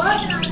What?